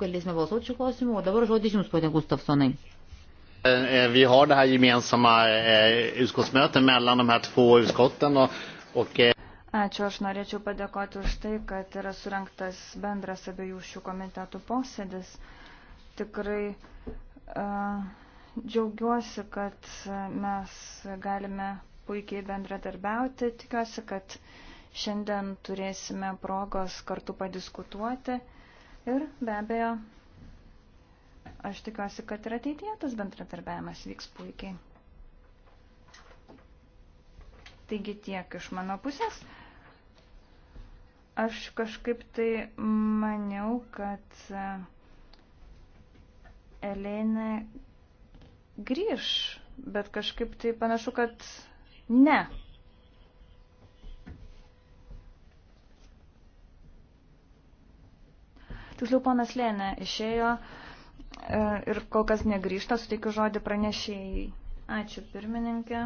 galėsime balsuoti šiuo klausimu, o dabar žodis jums, ponė Gustafsonai. Eh, eh, vi har det här gemensamma eh, utskottsmötet mellan de här två utskotten. Och, och... Ačiū, aš norėčiau padėkoti už tai, kad yra surinktas bendras abiejų šių komitetų posėdis. Tikrai uh, džiaugiuosi, kad mes galime puikiai bendradarbiauti. Tikiuosi, kad šiandien turėsime progos kartu padiskutuoti. Uh, Ir be abejo, aš tikiuosi, kad ir ateityje tas bendradarbiavimas vyks puikiai. Taigi tiek iš mano pusės. Aš kažkaip tai maniau, kad e, Elėne grįž, bet kažkaip tai panašu, kad ne. Tiksliau, ponas Lėnė išėjo e, ir kol kas negrįžta, suteikiu žodį pranešėjai. Ačiū, pirmininkė.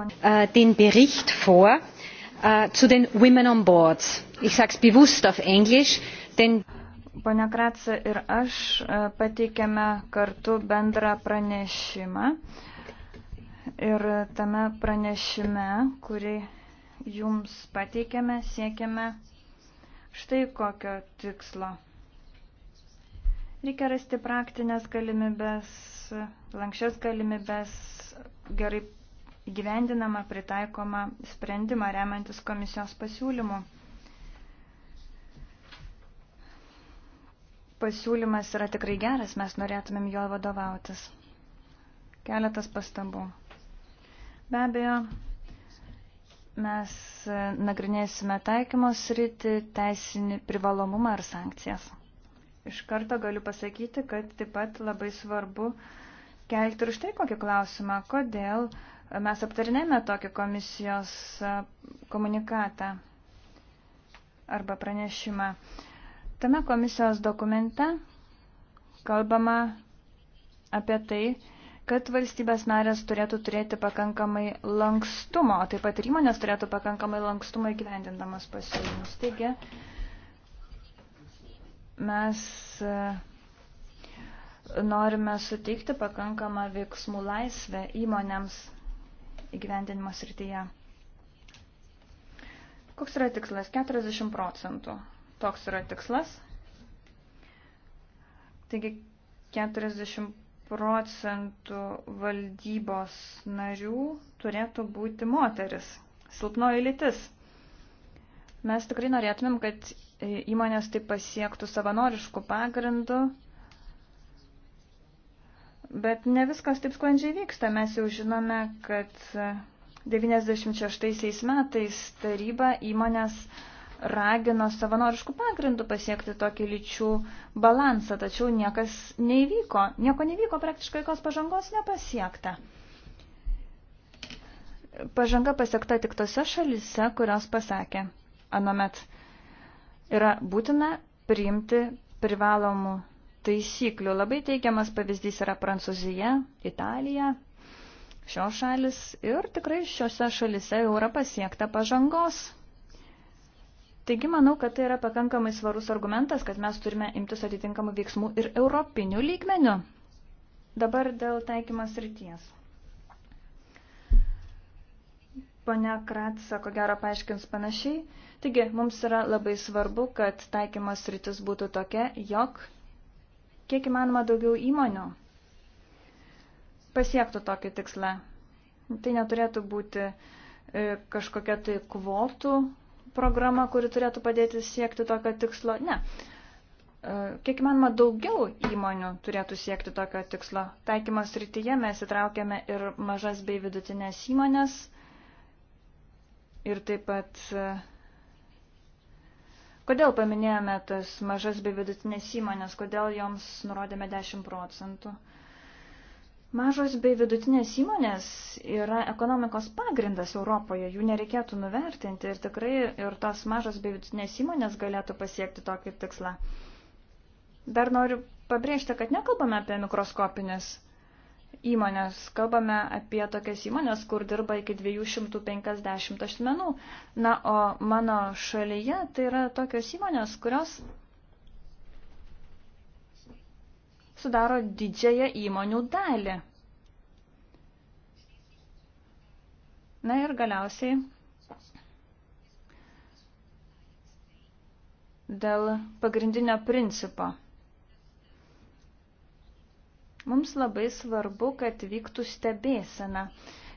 Äh, den Bericht vor uh, zu den Women on Boards. Ich sage es bewusst auf Englisch, denn. Pane Kratsa ir aš e, pateikėme kartu bendrą pranešimą. Ir tame pranešime, kurį jums pateikėme, siekiame štai kokio tikslo. Reikia rasti praktinės galimybės, lankščias galimybės, gerai gyvendinamą, pritaikomą sprendimą remiantis komisijos pasiūlymu. Pasiūlymas yra tikrai geras, mes norėtumėm jo vadovautis. Keletas pastabų. Be abejo, Mes e, nagrinėsime taikymos rytį, teisinį privalomumą ar sankcijas. Iš karto galiu pasakyti, kad taip pat labai svarbu kelti ir štai kokį klausimą, kodėl mes aptarinėme tokį komisijos e, komunikatą arba pranešimą. Tame komisijos dokumente kalbama apie tai, kad valstybės narės turėtų turėti pakankamai lankstumo, taip pat ir įmonės turėtų pakankamai lankstumo įgyvendindamas pasiūlymus. Taigi, mes e, norime suteikti pakankamą veiksmų laisvę įmonėms įgyvendinimo srityje. Koks yra tikslas? 40 procentų. Toks yra tikslas. Taigi 40 procentų valdybos narių turėtų būti moteris. Silpnoji lytis. Mes tikrai norėtumėm, kad įmonės tai pasiektų savanoriškų pagrindų, bet ne viskas taip sklandžiai vyksta. Mes jau žinome, kad 96 metais taryba įmonės ragino savanoriškų pagrindų pasiekti tokį lyčių balansą, tačiau niekas neįvyko, nieko nevyko, praktiškai jokios pažangos nepasiekta. Pažanga pasiekta tik tose šalise, kurios pasakė, anomet yra būtina priimti privalomų taisyklių. Labai teigiamas pavyzdys yra Prancūzija, Italija, šios šalis ir tikrai šiuose šalise jau yra pasiekta pažangos Taigi manau, kad tai yra pakankamai svarus argumentas, kad mes turime imtis atitinkamų veiksmų ir europinių lygmenių. Dabar dėl taikymas ryties. Pone Kratsa, ko gero paaiškins panašiai. Taigi, mums yra labai svarbu, kad taikymas rytis būtų tokia, jog kiek įmanoma daugiau įmonių pasiektų tokį tikslą. Tai neturėtų būti e, kažkokia tai kvotų programa, kuri turėtų padėti siekti tokio tikslo. Ne. E, kiek įmanoma daugiau įmonių turėtų siekti tokio tikslo. Taikymas rytyje mes įtraukėme ir mažas bei vidutinės įmonės ir taip pat e, Kodėl paminėjome tas mažas bei vidutinės įmonės, kodėl joms nurodėme 10 procentų? Uh, Mažos bei vidutinės įmonės yra ekonomikos pagrindas Europoje, jų nereikėtų nuvertinti ir tikrai ir tos mažos bei vidutinės įmonės galėtų pasiekti tokį tikslą. Dar noriu pabrėžti, kad nekalbame apie mikroskopinės įmonės, kalbame apie tokias įmonės, kur dirba iki 250 asmenų. Na, o mano šalyje tai yra tokios įmonės, kurios sudaro didžiąją įmonių dalį. Na ir galiausiai dėl pagrindinio principo. Mums labai svarbu, kad vyktų stebėsena,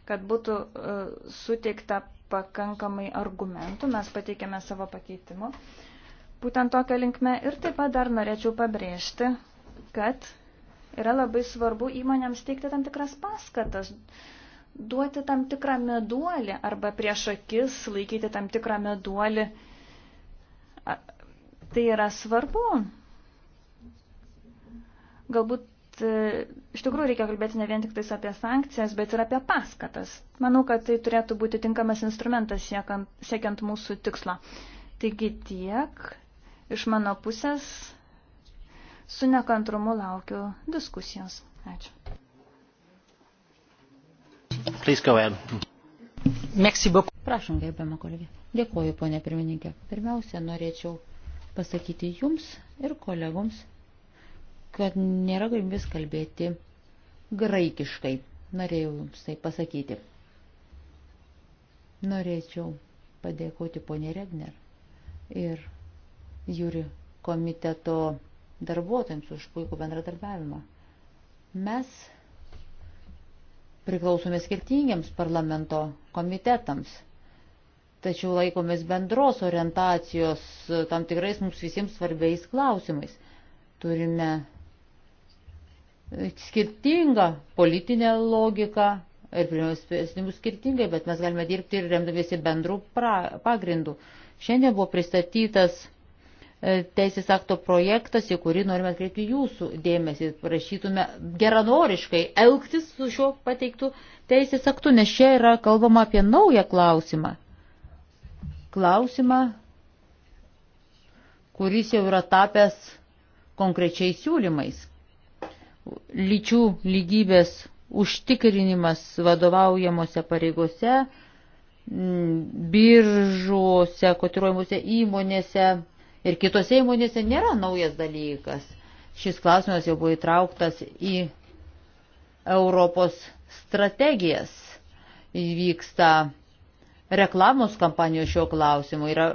kad būtų uh, suteikta pakankamai argumentų, mes pateikėme savo pakeitimu. Būtent tokią linkmę ir taip pat dar norėčiau pabrėžti, kad yra labai svarbu įmonėms teikti tam tikras paskatas, duoti tam tikrą meduolį arba prieš akis laikyti tam tikrą meduolį. Tai yra svarbu. Galbūt e, iš tikrųjų reikia kalbėti ne vien tik tais apie sankcijas, bet ir apie paskatas. Manau, kad tai turėtų būti tinkamas instrumentas siekiant, siekiant mūsų tikslo. Taigi tiek iš mano pusės Su nekantrumu laukiu diskusijos. Ačiū. Prašom, gerbiamą kolegę. Dėkuoju, ponė pirmininkė. Pirmiausia, norėčiau pasakyti jums ir kolegoms, kad nėra galimybės kalbėti graikiškai. Norėjau jums tai pasakyti. Norėčiau padėkoti ponė Regner ir Jūri komiteto darbuotojams už puikų bendradarbiavimą. Mes priklausome skirtingiams parlamento komitetams, tačiau laikomės bendros orientacijos tam tikrais mums visiems svarbiais klausimais. Turime skirtingą politinę logiką ir priimėsimus skirtingai, bet mes galime dirbti ir remdamiesi bendrų pra, pagrindų. Šiandien buvo pristatytas E, teisės akto projektas, į kurį norime atkreipti jūsų dėmesį, prašytume geranoriškai elgtis su šiuo pateiktu teisės aktu, nes čia yra kalbama apie naują klausimą. Klausimą, kuris jau yra tapęs konkrečiais siūlymais. Lyčių lygybės užtikrinimas vadovaujamose pareigose, biržuose, kotiruojamuose įmonėse ir kitose įmonėse nėra naujas dalykas. Šis klausimas jau buvo įtrauktas į Europos strategijas. Įvyksta reklamos kampanijos šiuo klausimu, yra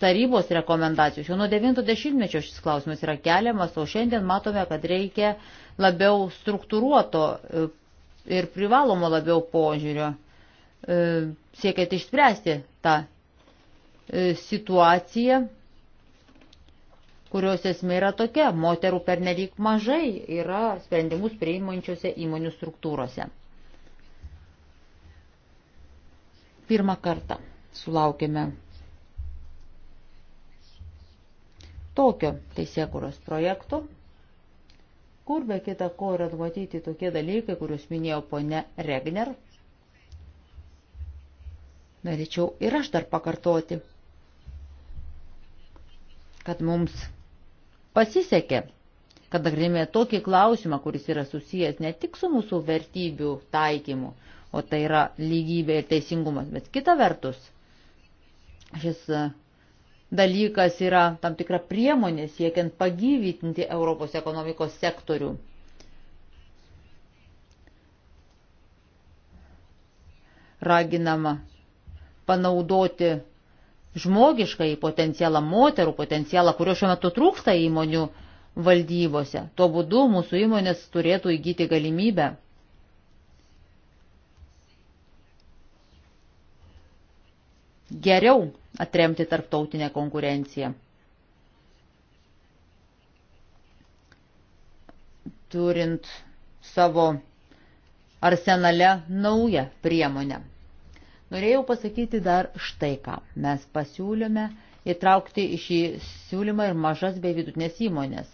tarybos rekomendacijos. Jau nuo 90-mečio šis klausimas yra keliamas, o šiandien matome, kad reikia labiau struktūruoto e, ir privalomo labiau požiūrio, e, siekiant išspręsti tą e, situaciją kurios esmė yra tokia - moterų pernelyg mažai yra sprendimus priimančiose įmonių struktūrose. Pirmą kartą sulaukėme tokio teisėkuros projekto, kur be kita ko yra matyti tokie dalykai, kuriuos minėjo ponia Regner. Norėčiau ir aš dar pakartoti, kad mums pasisekė, kad nagrinėjome tokį klausimą, kuris yra susijęs ne tik su mūsų vertybių taikymu, o tai yra lygybė ir teisingumas, bet kita vertus, šis e, dalykas yra tam tikra priemonė siekiant pagyvinti Europos ekonomikos sektorių. Raginama panaudoti žmogiškai potencialą moterų potencialą, kurio šiuo metu trūksta įmonių valdybose. Tuo būdu mūsų įmonės turėtų įgyti galimybę geriau atremti tarptautinę konkurenciją. Turint savo arsenale naują priemonę. Norėjau pasakyti dar štai ką. Mes pasiūlėme įtraukti į šį siūlymą ir mažas bei vidutinės įmonės,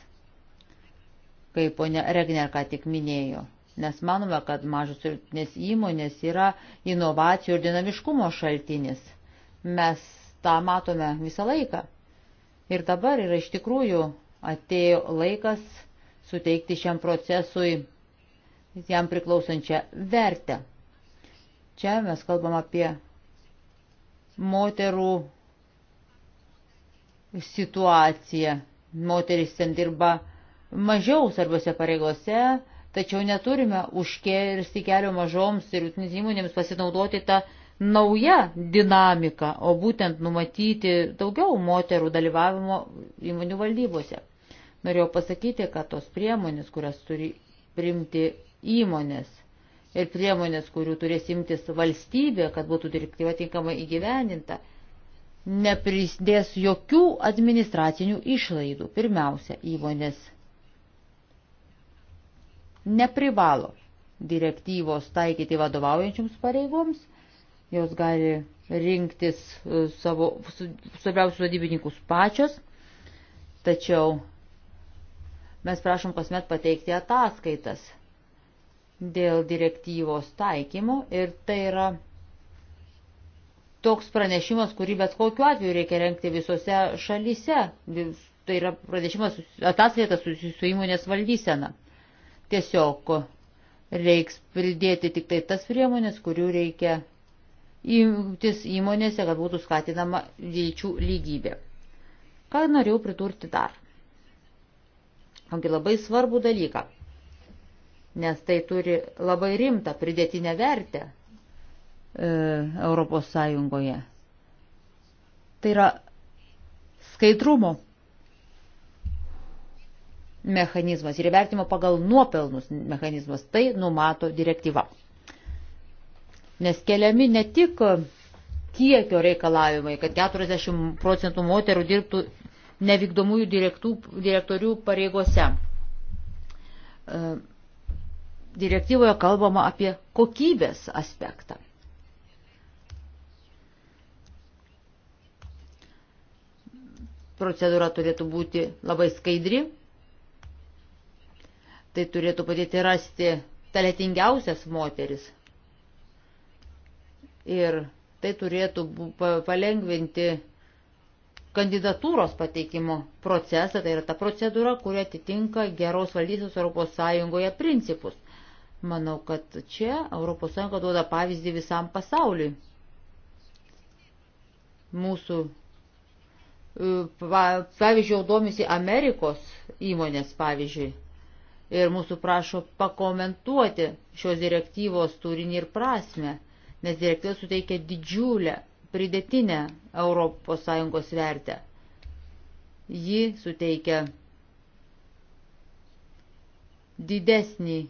kaip ponia Regner ką tik minėjo. Nes manome, kad mažos ir vidutinės įmonės yra inovacijų ir dinamiškumo šaltinis. Mes tą matome visą laiką. Ir dabar yra iš tikrųjų atėjo laikas suteikti šiam procesui jam priklausančią vertę. Čia mes kalbam apie moterų situaciją. Moteris ten dirba mažiau svarbiose pareigose, tačiau neturime užkirsti kelio mažoms ir jūtinės įmonėms pasinaudoti tą naują dinamiką, o būtent numatyti daugiau moterų dalyvavimo įmonių valdybose. Norėjau pasakyti, kad tos priemonės, kurias turi primti įmonės, ir priemonės, kurių turės imtis valstybė, kad būtų direktyva tinkamai įgyveninta, neprisdės jokių administracinių išlaidų. Pirmiausia, įmonės neprivalo direktyvos taikyti vadovaujančioms pareigoms, jos gali rinktis e, savo svarbiausius vadybininkus pačios, tačiau mes prašom kasmet pateikti ataskaitas dėl direktyvos taikymo ir tai yra toks pranešimas, kurį bet kokiu atveju reikia renkti visose šalyse. Tai yra pranešimas ataskaita su, su įmonės valdysena. Tiesiog reiks pridėti tik tai tas priemonės, kurių reikia imtis įmonėse, kad būtų skatinama lyčių lygybė. Ką norėjau pridurti dar? Ogi labai svarbų dalyką nes tai turi labai rimtą pridėtinę vertę e, Europos Sąjungoje. Tai yra skaidrumo mechanizmas ir įvertimo pagal nuopelnus mechanizmas. Tai numato direktyva. Nes keliami ne tik kiekio reikalavimai, kad 40 procentų moterų dirbtų nevykdomųjų direktų, direktorių pareigose. E, direktyvoje kalbama apie kokybės aspektą. Procedūra turėtų būti labai skaidri. Tai turėtų padėti rasti taletingiausias moteris. Ir tai turėtų palengvinti kandidatūros pateikimo procesą, tai yra ta procedūra, kuri atitinka geros valdysios ES principus. Manau, kad čia ES duoda pavyzdį visam pasauliui. Mūsų, e, pavyzdžiui, domisi Amerikos įmonės, pavyzdžiui, ir mūsų prašo pakomentuoti šios direktyvos turinį ir prasme, nes direktyva suteikia didžiulę pridėtinę ES vertę. Ji suteikia didesnį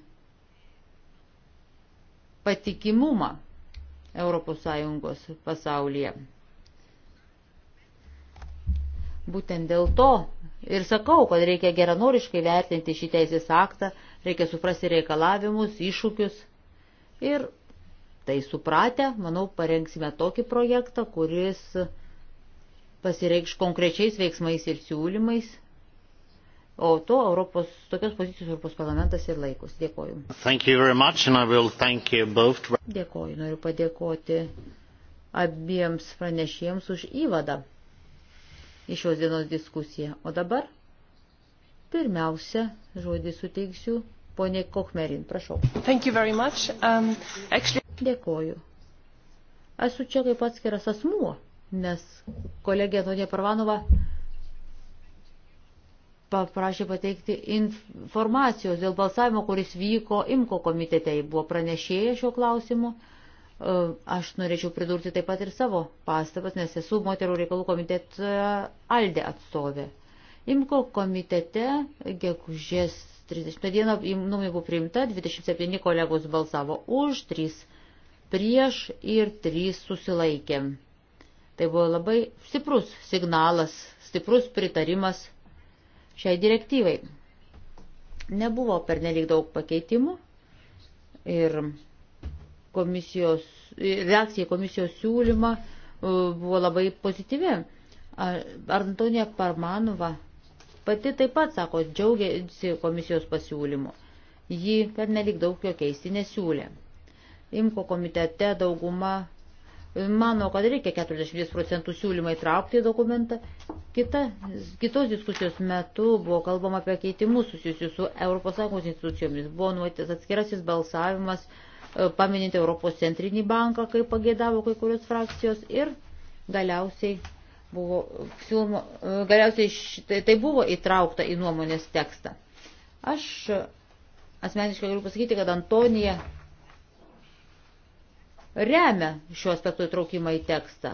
patikimumą ES pasaulyje. Būtent dėl to ir sakau, kad reikia geranoriškai vertinti šį teisės aktą, reikia suprasti reikalavimus, iššūkius ir tai supratę, manau, parengsime tokį projektą, kuris pasireikš konkrečiais veiksmais ir siūlymais O to Europos, tokios pozicijos Europos parlamentas ir laikus. Dėkoju. Much, Dėkoju. Noriu padėkoti abiems pranešėjams už įvadą į šios dienos diskusiją. O dabar pirmiausia žodį suteiksiu poniai Kochmerin. Prašau. Um, actually... Dėkoju. Esu čia kaip atskiras asmuo, nes kolegė Antonija Parvanova paprašė pateikti informacijos dėl balsavimo, kuris vyko IMKO komitete, jį buvo pranešėję šiuo klausimu. E, aš norėčiau pridurti taip pat ir savo pastabas, nes esu moterų reikalų komiteto Aldė atstovė. IMKO komitete gegužės 30 dieną nuomė buvo priimta, 27 kolegos balsavo už, 3 prieš ir 3 susilaikė. Tai buvo labai stiprus signalas, stiprus pritarimas šiai direktyvai. Nebuvo pernelyg daug pakeitimų ir komisijos, reakcija į komisijos siūlymą e, buvo labai pozityvi. Antonija Parmanova pati taip pat, sako, džiaugiasi komisijos pasiūlymu. Ji pernelyg daug jo keisti nesiūlė. Imko komitete dauguma mano, kad reikia 40 procentų siūlymą įtraukti į dokumentą. Kita, kitos diskusijos metu buvo kalbama apie keitimus susijusius su ES institucijomis. Buvo nuotis atskirasis balsavimas, e, paminint Europos centrinį banką, kaip pagėdavo kai kurios frakcijos ir galiausiai. Buvo, siūlymo, e, galiausiai šitai, tai buvo įtraukta į nuomonės tekstą. Aš e, asmeniškai galiu pasakyti, kad Antonija remia šio aspekto įtraukimą į tekstą,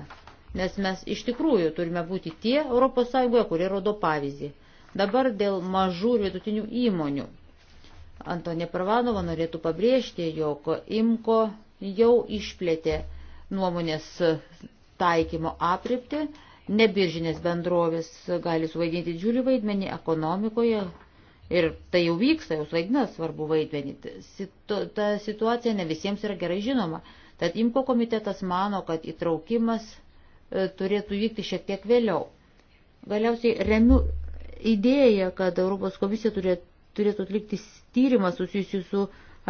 nes mes iš tikrųjų turime būti tie ES, kurie rodo pavyzdį. Dabar dėl mažų ir vidutinių įmonių. Antonė Pravanova norėtų pabrėžti, jog IMKO jau išplėtė nuomonės taikymo apripti, nebiržinės bendrovės gali suvaidinti didžiulį vaidmenį ekonomikoje ir tai jau vyksta, jau vaidina svarbu vaidmenį. Situ, ta situacija ne visiems yra gerai žinoma. Tad IMKO komitetas mano, kad įtraukimas e, turėtų vykti šiek tiek vėliau. Galiausiai remiu idėją, kad Europos komisija turėtų atlikti tyrimą susijusiu su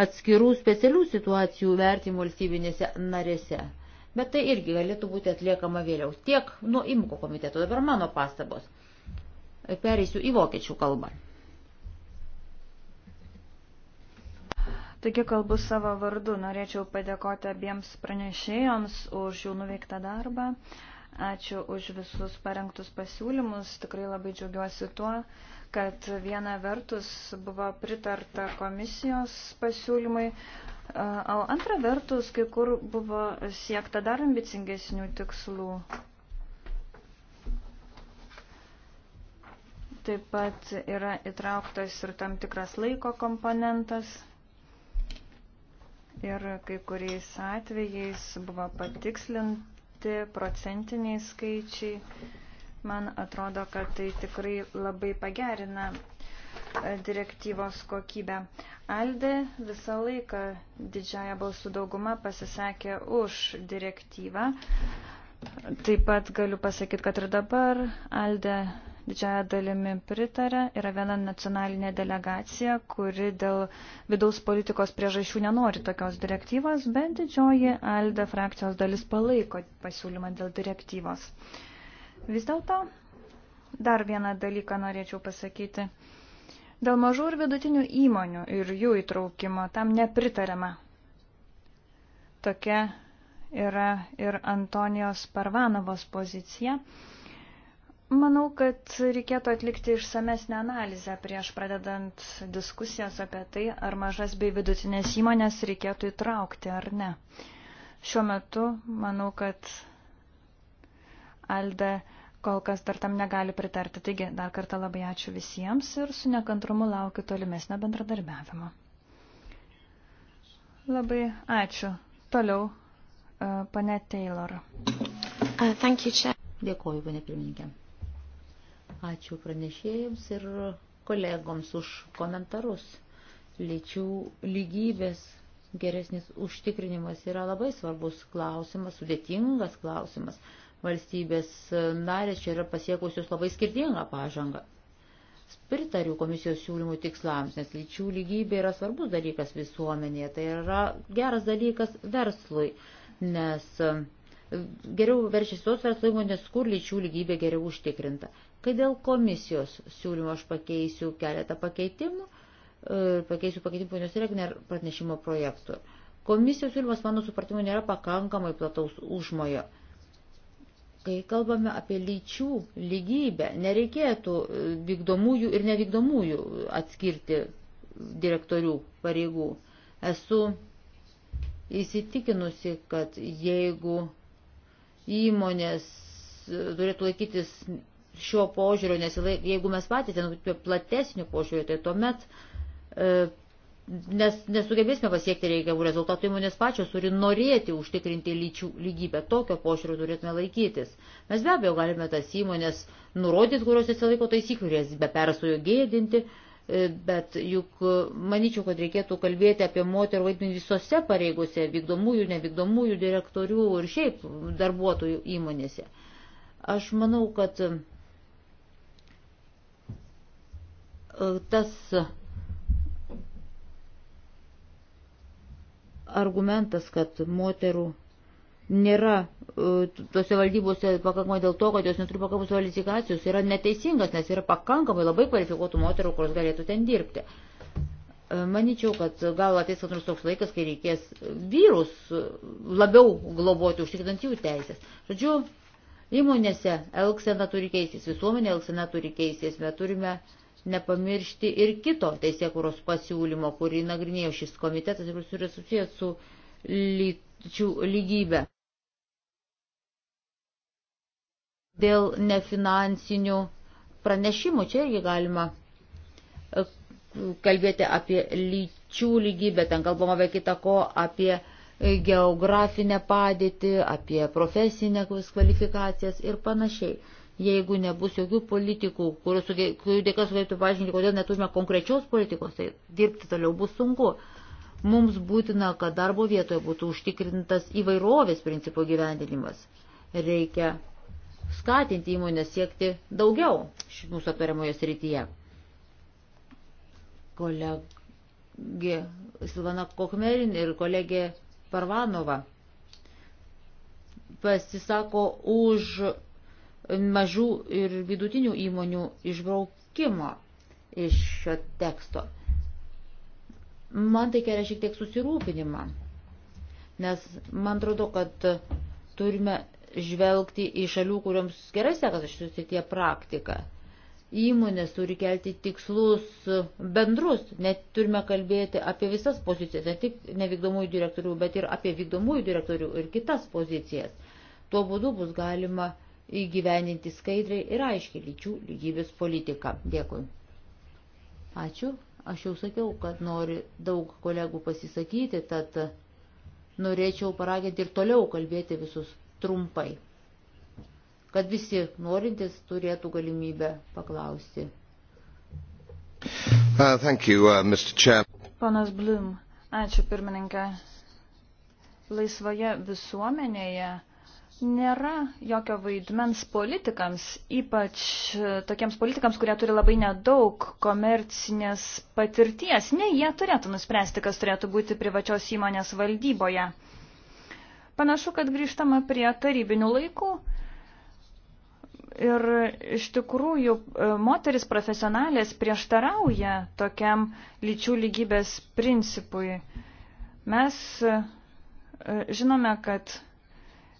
atskirų specialių situacijų vertimo valstybinėse narėse. Bet tai irgi galėtų būti atliekama vėliau. Tiek nuo IMKO komiteto, dabar mano pastabos. Pereisiu į vokiečių kalbą. Taigi kalbu savo vardu. Norėčiau padėkoti abiems pranešėjoms už jų nuveiktą darbą. Ačiū už visus parengtus pasiūlymus. Tikrai labai džiaugiuosi tuo, kad viena vertus buvo pritarta komisijos pasiūlymai, o antra vertus kai kur buvo siekta dar ambicingesnių tikslų. Taip pat yra įtrauktas ir tam tikras laiko komponentas ir kai kuriais atvejais buvo patikslinti procentiniai skaičiai. Man atrodo, kad tai tikrai labai pagerina e, direktyvos kokybę. Alde visą laiką didžiaja balsų dauguma pasisakė už direktyvą. Taip pat galiu pasakyti, kad ir dabar Alde didžiaja dalimi pritarė. Yra viena nacionalinė delegacija, kuri dėl vidaus politikos priežasčių nenori tokios direktyvos, bet didžioji ALDE frakcijos dalis palaiko pasiūlymą dėl direktyvos. Vis dėlto dar vieną dalyką norėčiau pasakyti. Dėl mažų ir vidutinių įmonių ir jų įtraukimo tam nepritarama. Tokia yra ir Antonijos Parvanovos pozicija. Manau, kad reikėtų atlikti išsamesnę analizę prieš pradedant diskusijas apie tai, ar mažas bei vidutinės įmonės reikėtų įtraukti ar ne. Šiuo metu manau, kad Alde kol kas dar tam negali pritarti. Taigi, dar kartą labai ačiū visiems ir su nekantrumu laukiu tolimesnio bendradarbiavimo. Labai ačiū. Toliau, e, pane Taylor. Uh, thank you, Chair. Dėkoju, pane pirmininkė. Ačiū pranešėjams ir kolegoms už komentarus. Lyčių lygybės geresnis užtikrinimas yra labai svarbus klausimas, sudėtingas klausimas. Valstybės narės čia yra pasiekusios labai skirtingą pažangą. Pritariu komisijos siūlymų tikslams, nes lyčių lygybė yra svarbus dalykas visuomenėje, tai yra geras dalykas verslui, nes geriau veršis tos verslo įmonės, kur lyčių lygybė geriau užtikrinta. Kai dėl komisijos siūlymo aš pakeisiu keletą pakeitimų, e, pakeisiu pakeitimų ponios Regner pranešimo projektų. Komisijos siūlymas, mano supratimu, nėra pakankamai plataus užmojo. Kai kalbame apie lyčių lygybę, nereikėtų e, vykdomųjų ir nevykdomųjų atskirti direktorių pareigų. Esu įsitikinusi, kad jeigu įmonės e, turėtų laikytis šio požiūrio, nes jeigu mes patys platesnių požiūrių, tai tuomet e, nes, nesugebėsime pasiekti reikiamų rezultatų, įmonės pačios turi norėti užtikrinti lyčių lygybę. Tokio požiūrio turėtume laikytis. Mes be abejo galime tas įmonės nurodyti, kurios atsilaiko taisyklių, jas be persojo gėdinti, e, bet juk e, manyčiau, kad reikėtų kalbėti apie moterų vaidmenį visose pareigose, vykdomųjų, nevykdomųjų direktorių ir šiaip darbuotojų įmonėse. Aš manau, kad tas argumentas, kad moterų nėra e, tose valdybose pakankamai dėl to, kad jos neturi pakankamos kvalifikacijos, yra neteisingas, nes yra pakankamai labai kvalifikuotų moterų, kurios galėtų ten dirbti. E, Maničiau, kad gal ateis nors toks laikas, kai reikės vyrus labiau globoti, užtikrinant jų teisės. Žodžiu, įmonėse elksena turi keistis, visuomenė elksena turi keistis, mes turime uh, nepamiršti ir kito teisėkuros pasiūlymo, kurį nagrinėjo šis komitetas ir kuris yra susijęs su lyčių lygybė. Dėl nefinansinių pranešimų čia irgi galima e, kalbėti apie lyčių lygybę, ten kalbama be kita ko apie geografinę padėtį, apie profesinę kvalifikacijas ir panašiai jeigu nebus jokių politikų, kurių, kurių dėka sugebėtų paaiškinti, kodėl neturime konkrečios politikos, tai dirbti toliau bus sunku. Mums būtina, kad darbo vietoje būtų užtikrintas įvairovės principų gyvendinimas. Reikia skatinti įmonę siekti daugiau mūsų aptariamoje srityje. Kolegė Silvana Kokmerin ir kolegė Parvanova pasisako už mažų ir vidutinių įmonių išbraukimo iš šio teksto. Man tai kelia šiek tiek susirūpinimą, nes man atrodo, kad turime žvelgti į šalių, kuriuoms gerai sekasi šis tie praktika. Įmonės turi kelti tikslus bendrus, net turime kalbėti apie visas pozicijas, ne tik nevykdomųjų direktorių, bet ir apie vykdomųjų direktorių ir kitas pozicijas. Tuo būdu bus galima uh, įgyveninti skaidriai ir aiškiai lyčių lygybės politiką. Dėkui. Ačiū. Aš jau sakiau, kad nori daug kolegų pasisakyti, tad norėčiau paraginti ir toliau kalbėti visus trumpai, kad visi norintys turėtų galimybę paklausti. Uh, thank you, uh, Mr. Chair. Panas Blum, ačiū pirmininkė. Laisvoje visuomenėje nėra jokio vaidmens politikams, ypač e, tokiems politikams, kurie turi labai nedaug komercinės patirties. Ne, jie turėtų nuspręsti, kas turėtų būti privačios įmonės valdyboje. Panašu, kad grįžtama prie tarybinių laikų. Ir iš tikrųjų e, moteris profesionalės prieštarauja tokiam lyčių lygybės principui. Mes e, žinome, kad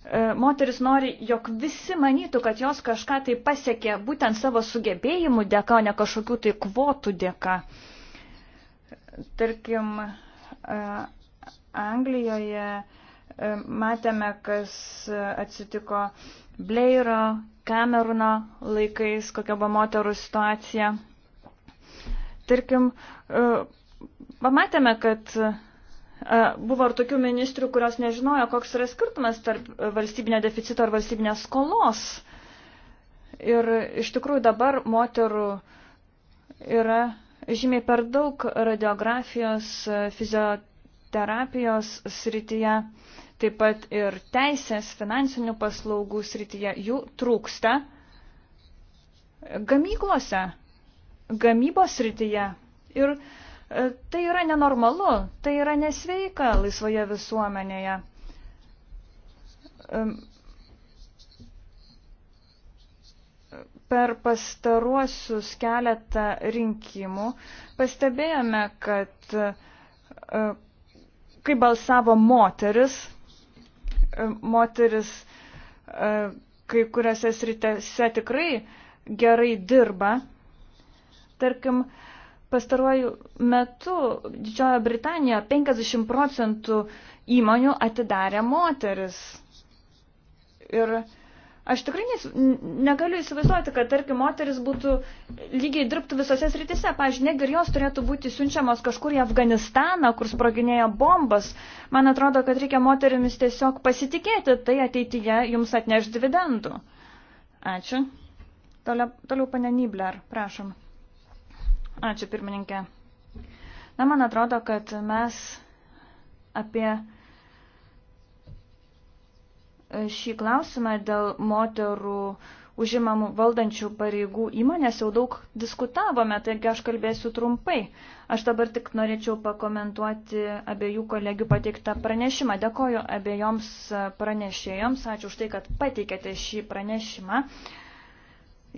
E, moteris nori, jog visi manytų, kad jos kažką tai pasiekė būtent savo sugebėjimų dėka, ne kažkokių tai kvotų dėka. Tarkim, e, Anglijoje e, matėme, kas atsitiko Bleiro, Kameruno laikais, kokia buvo moterų situacija. Tarkim, pamatėme, kad E, buvo ir tokių ministrių, kurios nežinojo, koks yra skirtumas tarp valstybinio deficito ir valstybinės skolos. Ir iš tikrųjų dabar moterų yra žymiai per daug radiografijos, e, fizioterapijos srityje, taip pat ir teisės, finansinių paslaugų srityje jų trūksta. Gamyklose, gamybos srityje ir Tai yra nenormalu, tai yra nesveika laisvoje visuomenėje. Per pastaruosius keletą rinkimų pastebėjome, kad e, kai balsavo moteris, e, moteris e, kai kuriuose sritėse tikrai gerai dirba. Tarkim, Pastaruoju metu Didžiojo Britanijoje 50 procentų įmonių atidarė moteris. Ir aš tikrai nes, negaliu įsivaizduoti, kad, tarkim, moteris būtų lygiai dirbtų visose srityse. Pavyzdžiui, negi ir jos turėtų būti siunčiamos kažkur į Afganistaną, kur sproginėjo bombas. Man atrodo, kad reikia moterimis tiesiog pasitikėti, tai ateityje jums atneš dividendų. Ačiū. Toliau, toliau pane Nibler, prašom. Ačiū pirmininkė. Na, man atrodo, kad mes apie šį klausimą dėl moterų užimamų valdančių pareigų įmonės jau daug diskutavome, taigi aš kalbėsiu trumpai. Aš dabar tik norėčiau pakomentuoti abiejų kolegių pateiktą pranešimą. Dėkoju abiejoms pranešėjoms, ačiū už tai, kad pateikėte šį pranešimą. Uh,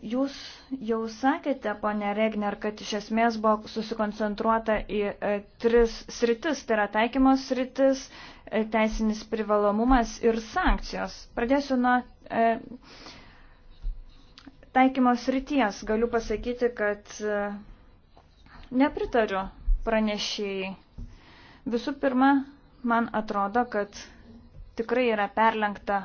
Jūs jau sakėte, ponė Regner, kad iš esmės buvo susikoncentruota į e, tris sritis, tai yra taikymos sritis, e, teisinis privalomumas ir sankcijos. Pradėsiu nuo e, taikymos srities. Galiu pasakyti, kad e, nepritariu pranešėjai. Visų pirma, man atrodo, kad tikrai yra perlengta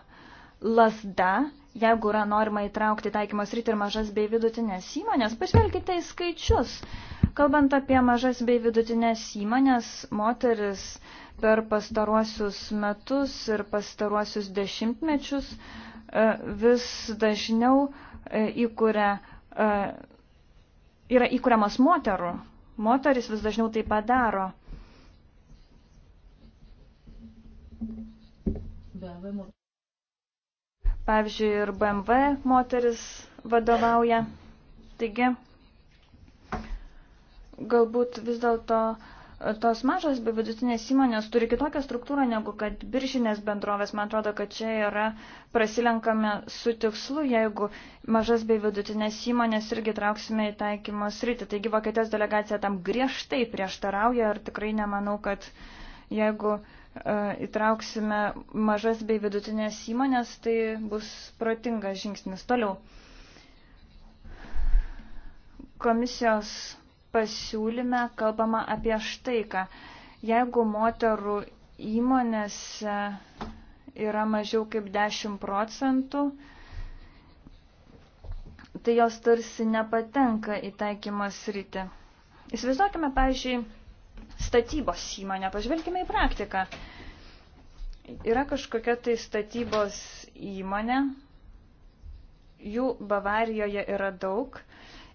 lasda Jeigu yra norima įtraukti taikymos rytį ir mažas bei vidutinės įmonės, pažvelkite į skaičius. Kalbant apie mažas bei vidutinės įmonės, moteris per pastaruosius metus ir pastaruosius dešimtmečius e, vis dažniau e, įkuria, e, yra įkuriamas moterų. Moteris vis dažniau tai padaro. Be, be, Pavyzdžiui, ir BMW moteris vadovauja. Taigi, galbūt vis dėlto e, tos mažos bei vidutinės įmonės turi kitokią struktūrą negu kad biržinės bendrovės. Man atrodo, kad čia yra prasilenkame su tikslu, jeigu mažas bei vidutinės įmonės irgi trauksime į taikymo sritį. Taigi Vokietijos delegacija tam griežtai prieštarauja ir tikrai nemanau, kad jeigu uh, E, įtrauksime mažas bei vidutinės įmonės, tai bus protingas žingsnis toliau. Komisijos pasiūlyme kalbama apie štai ką. Jeigu moterų įmonėse yra mažiau kaip 10 procentų, tai jos tarsi nepatenka į taikymą sritį. Įsivaizduokime, pavyzdžiui, statybos įmonę. Pažvelkime į praktiką. Yra kažkokia tai statybos įmonė, jų Bavarijoje yra daug.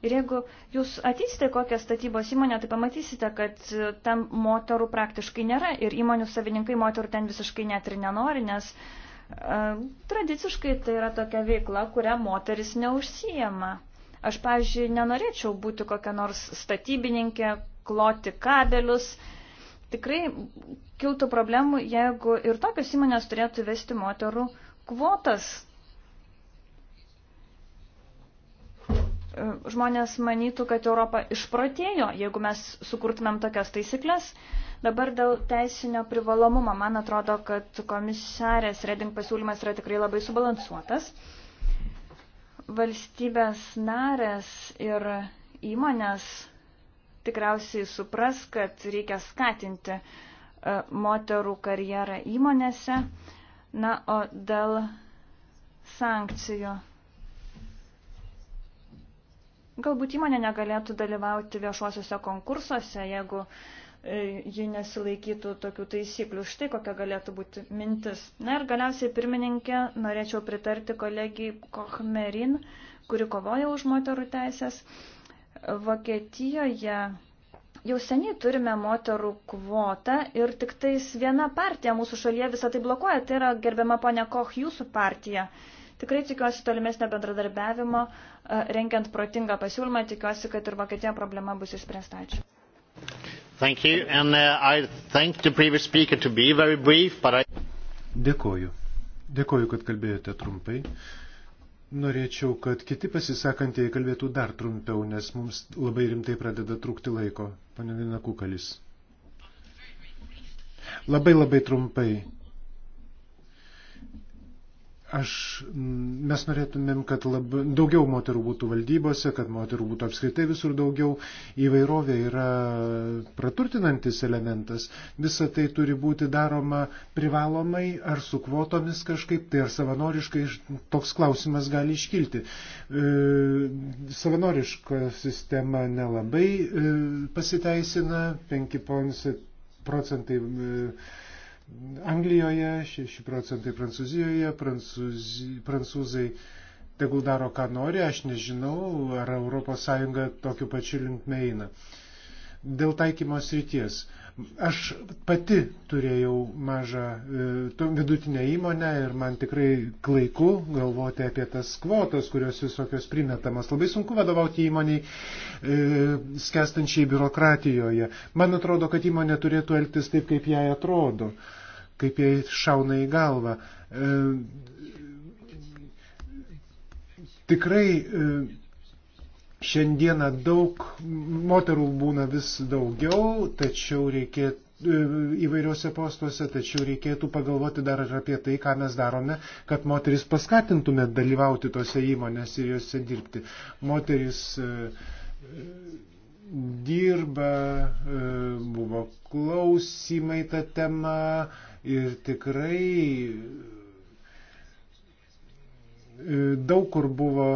Ir jeigu jūs atysite kokią statybos įmonę, tai pamatysite, kad tam moterų praktiškai nėra ir įmonių savininkai moterų ten visiškai net ir nenori, nes uh, tradiciškai tai yra tokia veikla, kurią moteris neužsijama. Aš, pavyzdžiui, nenorėčiau būti kokia nors statybininkė, kloti kabelius. Tikrai kiltų problemų, jeigu ir tokios įmonės turėtų vesti moterų kvotas. Žmonės manytų, kad Europa išprotėjo, jeigu mes sukurtumėm tokias taisyklės. Dabar dėl teisinio privalomumo, man atrodo, kad komisarės Reding pasiūlymas yra tikrai labai subalansuotas valstybės narės ir įmonės tikriausiai supras, kad reikia skatinti e, moterų karjerą įmonėse. Na, o dėl sankcijų. Galbūt įmonė negalėtų dalyvauti viešuosiuose konkursuose, jeigu e, ji nesilaikytų tokių taisyklių. Štai kokia galėtų būti mintis. Na ir galiausiai pirmininkė, norėčiau pritarti kolegijai Kochmerin, kuri kovoja už moterų teisės. Vokietijoje jau seniai turime moterų kvotą ir tik tais viena partija mūsų šalyje visą tai blokuoja, tai yra gerbiama ponia Koch jūsų partija. Tikrai tikiuosi tolimesnio bendradarbiavimo, e, renkiant protingą pasiūlymą, tikiuosi, kad ir Vokietijoje problema bus išspręsta. Ačiū. Thank you, and uh, I thank the previous speaker to be very brief, but I... Dėkoju. Dėkoju, kad kalbėjote trumpai. Uh, Norėčiau, kad kiti pasisakantieji kalbėtų dar trumpiau, nes mums labai rimtai pradeda trūkti laiko. Pane Vina Kukalis. Labai labai trumpai. Aš, mes norėtumėm, kad lab, daugiau moterų būtų valdybose, kad moterų būtų apskritai visur daugiau. Įvairovė yra praturtinantis elementas. Visa tai turi būti daroma privalomai ar su kvotomis kažkaip, tai ar savanoriškai toks klausimas gali iškilti. E, savanoriška sistema nelabai e, pasiteisina, 5 procentai. E, Anglijoje, 6 procentai Prancūzijoje, prancūzi, prancūzai tegul daro, ką nori, aš nežinau, ar ES tokiu pačiu linkme eina. Dėl taikymo srities. Aš pati turėjau mažą e, vidutinę įmonę ir man tikrai klaiku galvoti apie tas kvotas, kurios visokios primetamas. Labai sunku vadovauti įmoniai e, skestančiai biurokratijoje. Man atrodo, kad įmonė turėtų elgtis taip, kaip jai atrodo. E, kaip jai šauna į galvą. E, tikrai e, šiandieną daug moterų būna vis daugiau, tačiau reikėtų e, įvairiuose postuose, tačiau reikėtų pagalvoti dar ir apie tai, ką mes darome, kad moteris paskatintume dalyvauti tose įmonėse ir juose dirbti. Moteris e, dirba, e, buvo klausimai tą temą, Ir tikrai e, daug kur buvo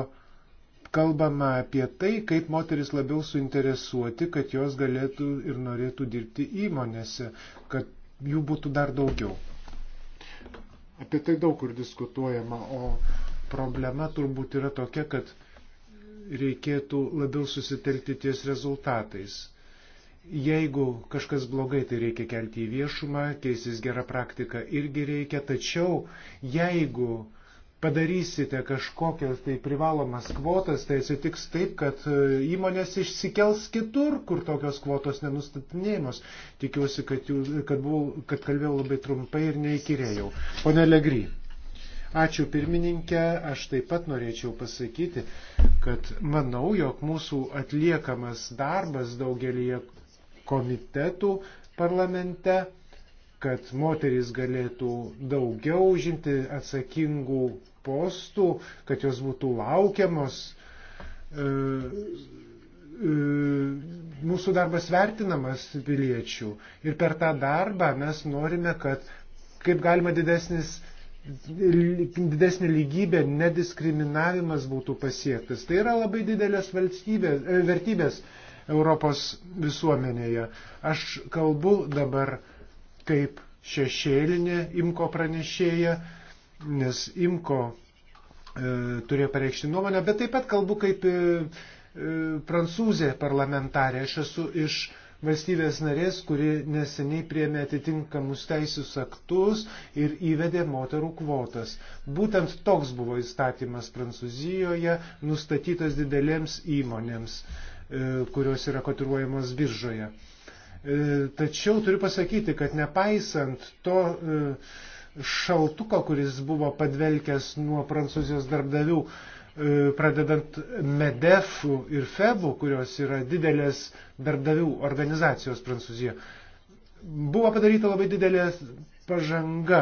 kalbama apie tai, kaip moteris labiau suinteresuoti, kad jos galėtų ir norėtų dirbti įmonėse, kad jų būtų dar daugiau. Apie tai daug kur diskutuojama, o problema turbūt yra tokia, kad reikėtų labiau susitelkti ties rezultatais. Jeigu kažkas blogai, tai reikia kelti į viešumą, keisis gerą praktiką irgi reikia, tačiau jeigu padarysite kažkokias tai privalomas kvotas, tai atsitiks taip, kad e, įmonės išsikels kitur, kur tokios kvotos nenustatinėjimos. Tikiuosi, kad, jų, kad, buvau, kad kalbėjau labai trumpai ir neįkirėjau. Pone Legry, ačiū pirmininkė, aš taip pat norėčiau pasakyti, kad manau, jog mūsų atliekamas darbas daugelį komitetų parlamente, kad moteris galėtų daugiau užimti atsakingų postų, kad jos būtų laukiamos. E, e, mūsų darbas vertinamas piliečių ir per tą darbą mes norime, kad kaip galima didesnis didesnė lygybė, nediskriminavimas būtų pasiektas. Tai yra labai didelės e, vertybės, Europos visuomenėje. Aš kalbu dabar kaip šešėlinė imko pranešėja, nes imko e, turėjo pareikšti nuomonę, bet taip pat kalbu kaip e, e, prancūzė parlamentarė. Aš esu iš valstybės narės, kuri neseniai priemė atitinkamus teisės aktus ir įvedė moterų kvotas. Būtent toks buvo įstatymas Prancūzijoje, nustatytas didelėms įmonėms. E, E, kurios yra kotiruojamos biržoje. E, tačiau turiu pasakyti, kad nepaisant to e, šaltuko, kuris buvo padvelkęs nuo prancūzijos darbdavių, pradedant Medefu ir Febu, kurios yra didelės darbdavių organizacijos Prancūzijoje, buvo padaryta labai didelė pažanga.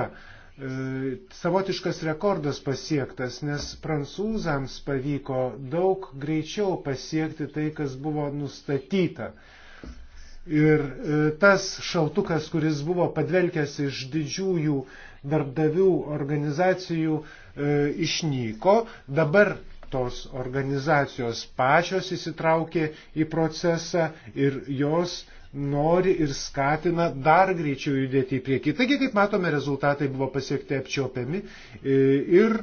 E, savotiškas rekordas pasiektas, nes prancūzams pavyko daug greičiau pasiekti tai, kas buvo nustatyta. Ir e, tas šaltukas, kuris buvo padvelkęs iš didžiųjų darbdavių organizacijų, e, išnyko. Dabar tos organizacijos pačios įsitraukė į procesą ir jos e, nori ir skatina dar greičiau judėti į priekį. Taigi, kaip matome, rezultatai buvo pasiekti apčiopiami e, ir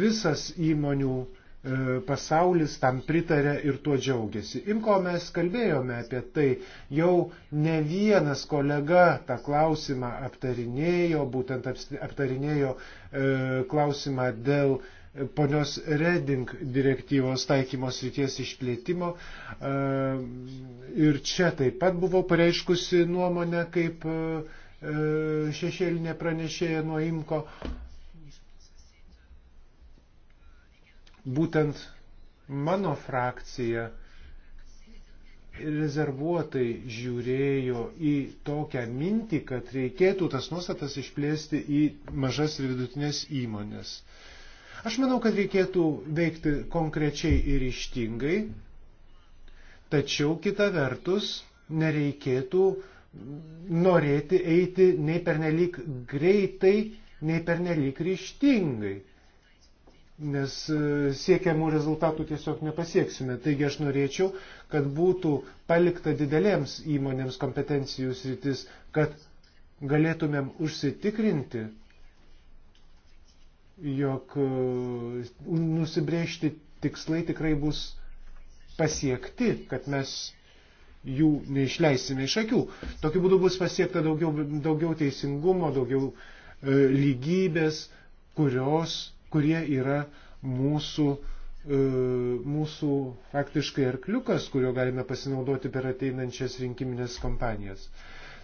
visas įmonių e, pasaulis tam pritarė ir tuo džiaugiasi. Imko mes kalbėjome apie tai, jau ne vienas kolega tą klausimą aptarinėjo, būtent aptarinėjo e, klausimą dėl e, ponios Reding direktyvos taikymos ryties išplėtimo. E, ir čia taip pat buvo pareiškusi nuomonė kaip e, e, šešėlinė pranešėja nuo Imko. Būtent mano frakcija rezervuotai žiūrėjo į tokią mintį, kad reikėtų tas nuostatas išplėsti į mažas ir vidutinės įmonės. Uh, Aš manau, kad reikėtų veikti konkrečiai ir ištingai, tačiau kita vertus nereikėtų norėti eiti nei pernelyg greitai, nei pernelyg ryštingai, nes e, siekiamų rezultatų tiesiog nepasieksime. Taigi aš norėčiau, kad būtų palikta didelėms įmonėms kompetencijų sritis, kad galėtumėm užsitikrinti, jog e, nusibriežti tikslai tikrai bus pasiekti, kad mes jų neišleisime iš akių. Tokiu būdu bus pasiekta daugiau, daugiau teisingumo, daugiau e, lygybės, kurios, kurie yra mūsų, e, mūsų faktiškai arkliukas, kurio galime pasinaudoti per ateinančias rinkiminės kampanijas.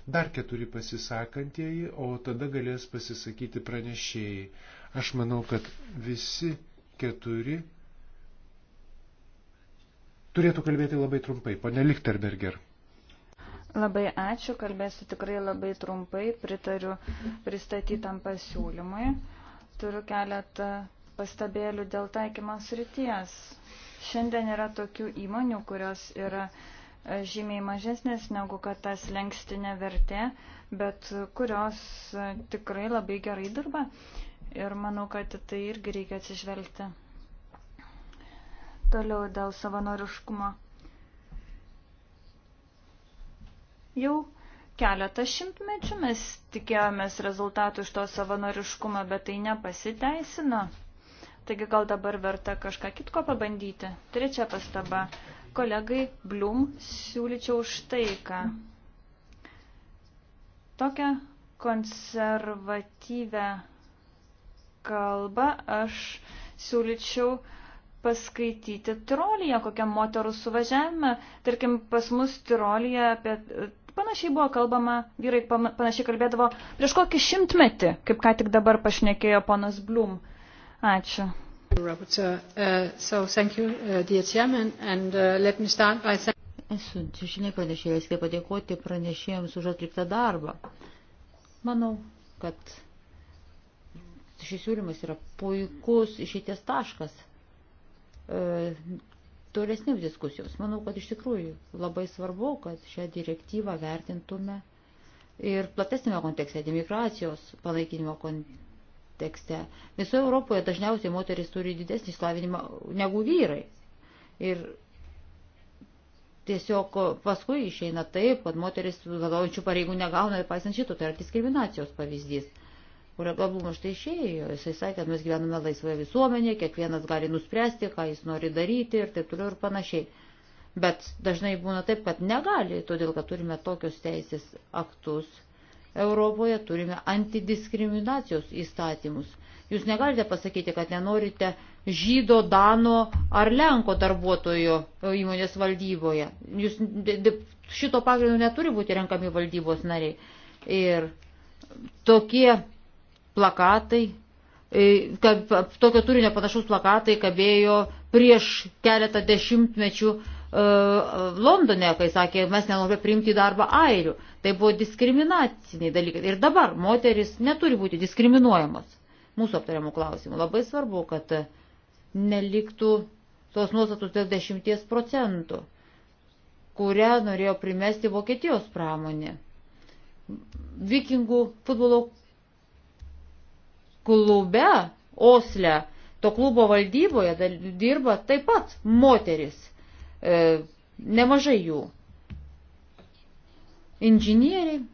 Dar keturi pasisakantieji, o tada galės pasisakyti pranešėjai. Aš manau, kad visi keturi turėtų kalbėti labai trumpai. Pone Lichterberger. Labai ačiū, kalbėsiu tikrai labai trumpai, pritariu pristatytam pasiūlymui. Turiu keletą pastabėlių dėl taikymos ryties. Šiandien yra tokių įmonių, kurios yra e, žymiai mažesnės negu kad tas lenkstinė vertė, bet kurios e, tikrai labai gerai dirba. Uh, ir manau, kad tai irgi reikia atsižvelgti. Toliau dėl savanoriškumo. Jau keletą šimtmečių mes tikėjomės rezultatų iš to savanoriškumo, bet tai nepasiteisino. Taigi gal dabar verta kažką kitko pabandyti. Trečia pastaba. Kolegai Blum siūlyčiau štai ką. Tokią konservatyvę kalbą, aš siūlyčiau paskaityti Tirolyje, kokiam moterų suvažiavime. Tarkim, pas mus Tirolyje apie panašiai buvo kalbama, vyrai panašiai kalbėdavo prieš kokį šimtmetį, kaip ką tik dabar pašnekėjo ponas Blum. Ačiū. Uh, uh, uh, Esu šešiniai pranešėjas, kaip padėkoti pranešėjams už atliktą darbą. Manau, kad šis siūlymas yra puikus išeities taškas e, tolesnėms diskusijoms. Manau, kad iš tikrųjų labai svarbu, kad šią direktyvą vertintume ir platesnėme kontekste, demigracijos panaikinimo kontekste. Visoje Europoje dažniausiai moteris turi didesnį išslavinimą negu vyrai. Ir tiesiog paskui išeina taip, kad moteris vadovaujančių pareigų negauna ir paisant šito, tai yra diskriminacijos pavyzdys kurio galbūt aš tai išėjo. Jisai sakė, kad mes gyvename laisvoje visuomenėje, kiekvienas gali nuspręsti, ką jis nori daryti ir taip toliau ir panašiai. Bet dažnai būna taip, kad negali, todėl kad turime tokius teisės aktus Europoje, turime antidiskriminacijos įstatymus. Jūs negalite pasakyti, kad nenorite žydo, dano ar lenko darbuotojo įmonės valdyboje. Jūs šito pagrindu neturi būti renkami valdybos nariai. Ir tokie plakatai, e, kad tokio turinio panašus plakatai kabėjo prieš keletą dešimtmečių e, Londone, kai sakė, mes nenorime priimti į darbą airių. Tai buvo diskriminaciniai dalykai. Ir dabar moteris neturi būti diskriminuojamos mūsų aptariamų klausimų. Labai svarbu, kad neliktų tos nuostatus dėl 10 procentų, kurią norėjo primesti Vokietijos pramonė. Vikingų futbolo klube Osle, to klubo valdyboje dirba taip pat moteris, e, nemažai jų. Inžinieriai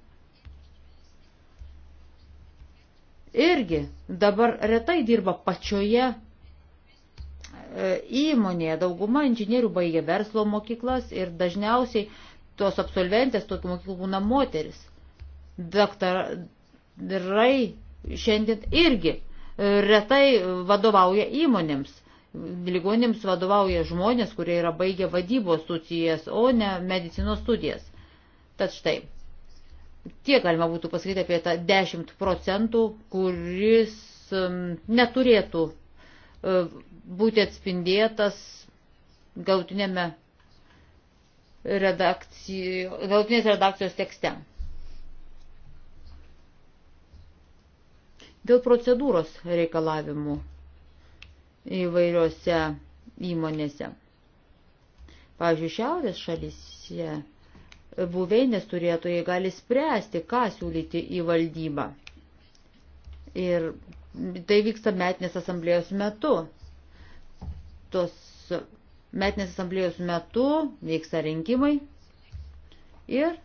irgi dabar retai dirba pačioje e, įmonėje. Dauguma inžinierių baigia verslo mokyklas ir dažniausiai tos absolventės tokių mokyklų būna moteris. Daktarai šiandien irgi e, retai vadovauja įmonėms. Ligonėms vadovauja žmonės, kurie yra baigę vadybos studijas, o ne medicinos studijas. Tad štai, tiek galima būtų pasakyti apie tą 10 procentų, kuris neturėtų e, būti atspindėtas gautinėme redakcijo, gautinės redakcijos tekste. Dėl procedūros reikalavimų įvairiose įmonėse. Pavyzdžiui, šiaurės šalyse buveinės turėtojai gali spręsti, ką siūlyti į valdybą. Ir tai vyksta metinės asamblėjos metu. Tos metinės asamblėjos metu vyksta rinkimai ir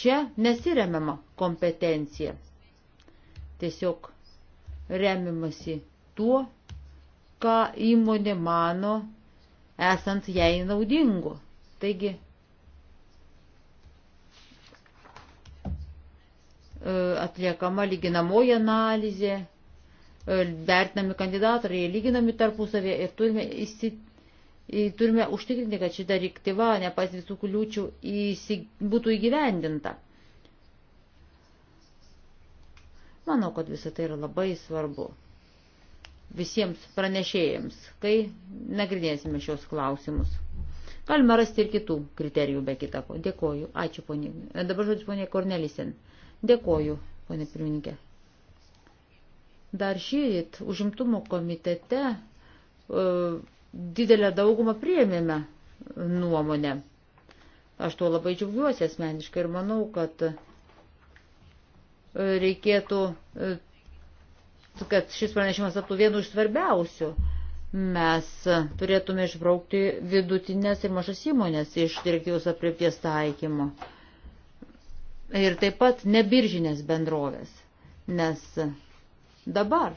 čia nesiremiama kompetencija tiesiog remimasi tuo, ką įmonė mano esant jai naudingu. Taigi, e, atliekama lyginamoji analizė, e, vertinami kandidatai, lyginami tarpusavėje ir turime, įsi, turime užtikrinti, kad ši direktyva, nepas visų kliūčių, įsi, būtų įgyvendinta. Manau, kad visą tai yra labai svarbu visiems pranešėjams, kai nagrinėsime šios klausimus. Galime rasti ir kitų kriterijų be kitako. Dėkoju. Ačiū, ponė. E, dabar žodžiu, ponė Kornelisen. Dėkoju, ponė pirmininkė. Dar šįryt užimtumo komitete e, didelę daugumą priėmėme nuomonę. Aš tuo labai džiaugiuosi asmeniškai ir manau, kad reikėtų, e, kad šis pranešimas taptų vienu iš svarbiausių. Mes turėtume išbraukti vidutinės ir mažas įmonės iš direktyvos apriepties taikymo. Ir taip pat nebiržinės bendrovės. Nes dabar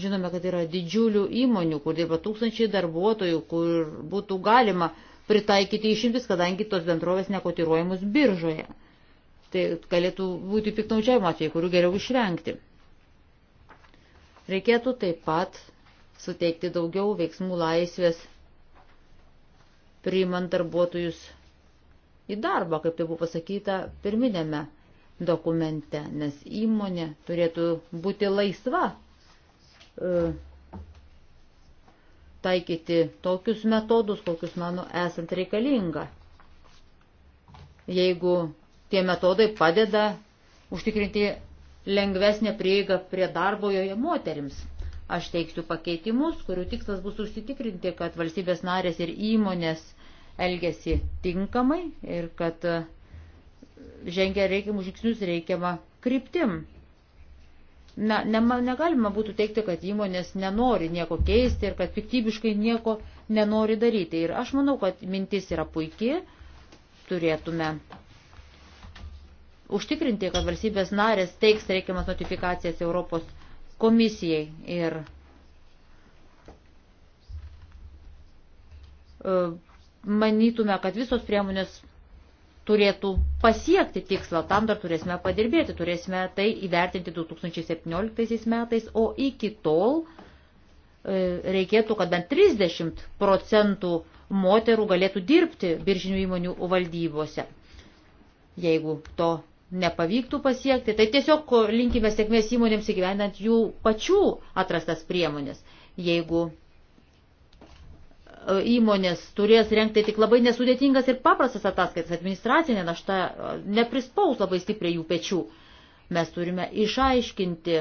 žinome, kad yra didžiulių įmonių, kur dirba tūkstančiai darbuotojų, kur būtų galima pritaikyti išimtis, kadangi tos bendrovės nekotiruojamos biržoje. Tai galėtų būti piknaudžiavimo atvejai, kurių geriau išvengti. Reikėtų taip pat suteikti daugiau veiksmų laisvės, priimant darbuotojus į darbą, kaip tai buvo pasakyta pirminėme dokumente, nes įmonė turėtų būti laisva e, taikyti tokius metodus, kokius mano esant reikalinga. Jeigu Tie metodai padeda užtikrinti lengvesnę prieigą prie darbo joje moterims. Aš teiksiu pakeitimus, kurių tikslas bus užsitikrinti, kad valstybės narės ir įmonės elgesi tinkamai ir kad e, žengia reikiamus žingsnius reikiamą kryptim. Na, ne, negalima būtų teikti, kad įmonės nenori nieko keisti ir kad piktybiškai nieko nenori daryti. Ir aš manau, kad mintis yra puikiai, turėtume užtikrinti, kad valstybės narės teiks reikiamas notifikacijas Europos komisijai ir e, manytume, kad visos priemonės turėtų pasiekti tikslą, tam dar turėsime padirbėti, turėsime tai įvertinti 2017 metais, o iki tol e, reikėtų, kad bent 30 procentų moterų galėtų dirbti biržinių įmonių valdybose. Jeigu to nepavyktų pasiekti, tai tiesiog linkime sėkmės įmonėms įgyvendant jų pačių atrastas priemonės. Jeigu e, įmonės turės renkti tik labai nesudėtingas ir paprastas ataskaitas, administracinė našta e, neprispaus labai stipriai jų pečių. Mes turime išaiškinti,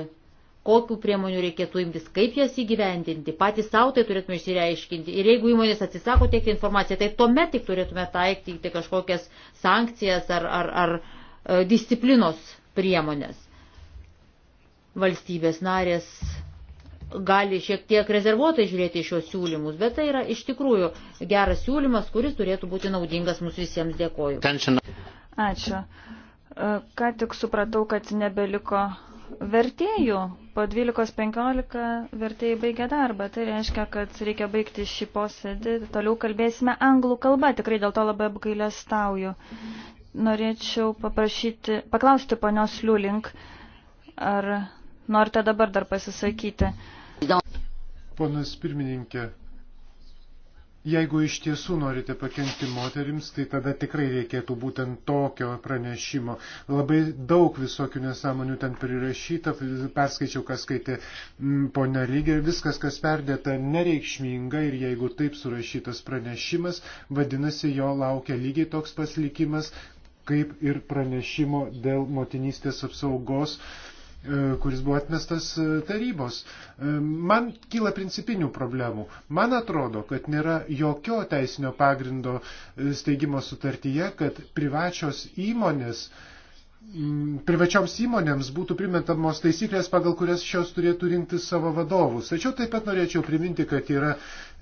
kokiu priemonių reikėtų imtis, kaip jas įgyvendinti, patys savo tai turėtume išsireiškinti. Ir jeigu įmonės atsisako tiekti informaciją, tai tuomet tik turėtume taikyti kažkokias sankcijas ar, ar, ar E, disciplinos priemonės. Valstybės narės gali šiek tiek rezervuotai žiūrėti šios siūlymus, bet tai yra iš tikrųjų geras siūlymas, kuris turėtų būti naudingas mūsų visiems. Dėkoju. Ačiū. E, ką tik supratau, kad nebeliko vertėjų. Po 12.15 vertėjai baigė darbą. Tai reiškia, kad reikia baigti šį posėdį. Toliau kalbėsime anglų kalbą. Tikrai dėl to labai apgailę stauju norėčiau paprašyti, paklausti ponios Liulink, ar norite dabar dar pasisakyti. Ponas pirmininkė, jeigu iš tiesų norite pakengti moterims, tai tada tikrai reikėtų būtent tokio pranešimo. Labai daug visokių nesąmonių ten prirašyta, perskaičiau, kas skaitė mm, ponia Lygė, viskas, kas perdėta, nereikšminga ir jeigu taip surašytas pranešimas, vadinasi, jo laukia lygiai toks paslikimas, kaip ir pranešimo dėl motinystės apsaugos e, kuris buvo atmestas e, tarybos. E, man kyla principinių problemų. Man atrodo, kad nėra jokio teisinio pagrindo steigimo sutartyje, kad privačios įmonės privačioms įmonėms būtų primetamos taisyklės, pagal kurias šios turėtų rinkti savo vadovus. Tačiau taip pat norėčiau priminti, kad yra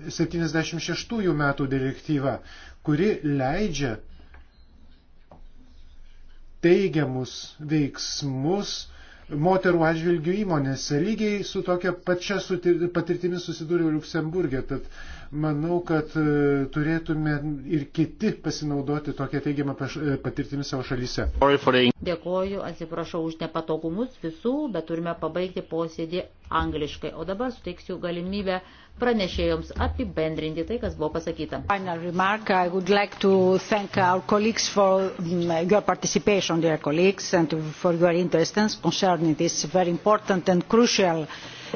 76 metų direktyva, kuri leidžia teigiamus veiksmus moterų atžvilgių įmonėse. Lygiai su tokia pačia patirtimi susidūriau Luksemburgė, tad Manau, kad e, turėtume ir kiti pasinaudoti tokią teigiamą e, patirtimį savo šalyse. Dėkoju, atsiprašau už nepatogumus visų, bet turime pabaigti posėdį angliškai. O dabar suteiksiu galimybę pranešėjoms apibendrinti tai, kas buvo pasakyta. Remark, like for mm, your participation, dear colleagues, and for your interest concerning this very important and crucial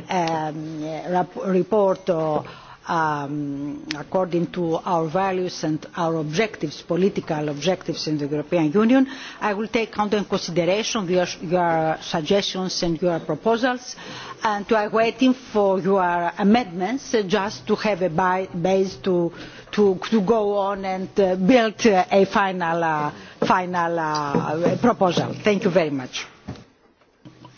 um, report. Uh, um, according to our values and our objectives, political objectives in the European Union. I will take under consideration your, your suggestions and your proposals and I am waiting for your amendments uh, just to have a by, base to, to, to go on and uh, build uh, a final, uh, final uh, proposal. Thank you very much.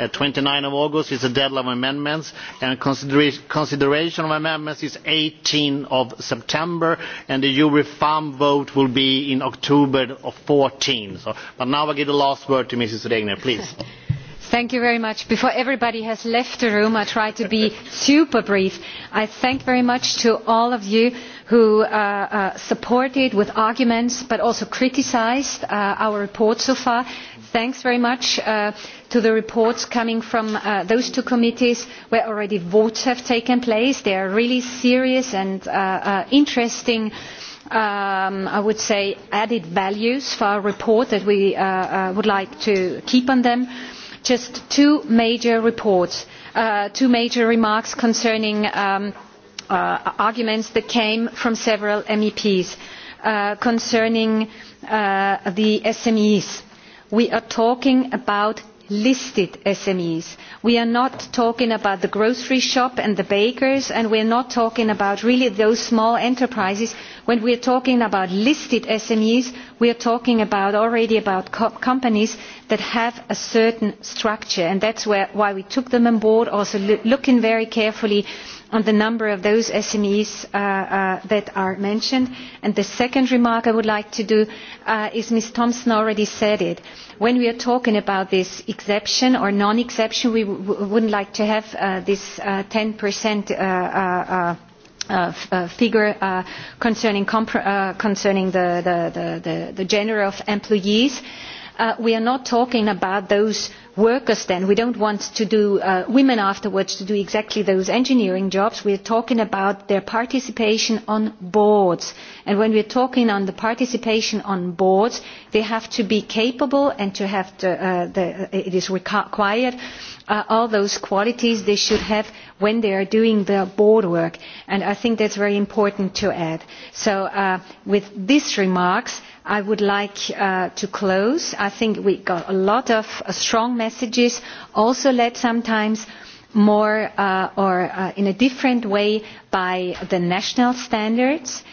at uh, twenty nine august is the deadline for amendments and considera consideration of amendments is eighteen september and the juri femm vote will be in october. fourteen so, but now i give the last word to mrs regner please. thank you very much. before everybody has left the room i try to be super brief. i thank very much to all of you who uh, uh, supported with arguments but also criticised uh, our report so far. thanks very much. Uh, to the reports coming from uh, those two committees where already votes have taken place. They are really serious and uh, uh, interesting um, I would say added values for our report that we uh, uh, would like to keep on them. Just two major reports, uh, two major remarks concerning um, uh, arguments that came from several MEPs uh, concerning uh, the SMEs. We are talking about listed SMEs. We are not talking about the grocery shop and the bakers, and we are not talking about really those small enterprises. When we are talking about listed SMEs, we are talking about already about co companies that have a certain structure, and that's where, why we took them on board, also lo looking very carefully on the number of those SMEs uh, uh, that are mentioned. And the second remark I would like to do uh, is Ms. Thompson already said it. When we are talking about this exception or non-exception, we w w wouldn't like to have uh, this uh, 10% uh, uh, uh, uh, figure uh, concerning, compr uh, concerning the, the, the, the, the gender of employees. Uh, uh, we are not talking about those workers then. We don't want to do uh, women afterwards to do exactly those engineering jobs. We're talking about their participation on boards. And when we're talking on the participation on boards, they have to be capable and to have to, uh, the, uh, it is required uh, all those qualities they should have when they are doing their board work. And I think that's very important to add. So uh, with these remarks, I would like uh, to close. I think we got a lot of uh, strong messages, also led sometimes more uh, or uh, in a different way by the national standards.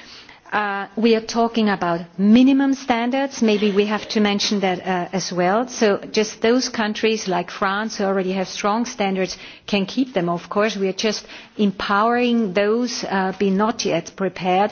Uh, we are talking about minimum standards. Maybe we have to mention that uh, as well. So just those countries like France who already have strong standards can keep them, of course. We are just empowering those uh, be not yet prepared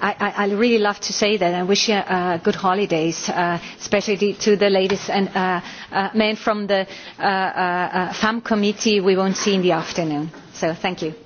I, I really love to say that. I wish you uh, good holidays, uh, especially to the ladies and uh, uh, men from the uh, uh, uh FAM committee we won't see in the afternoon. So thank you.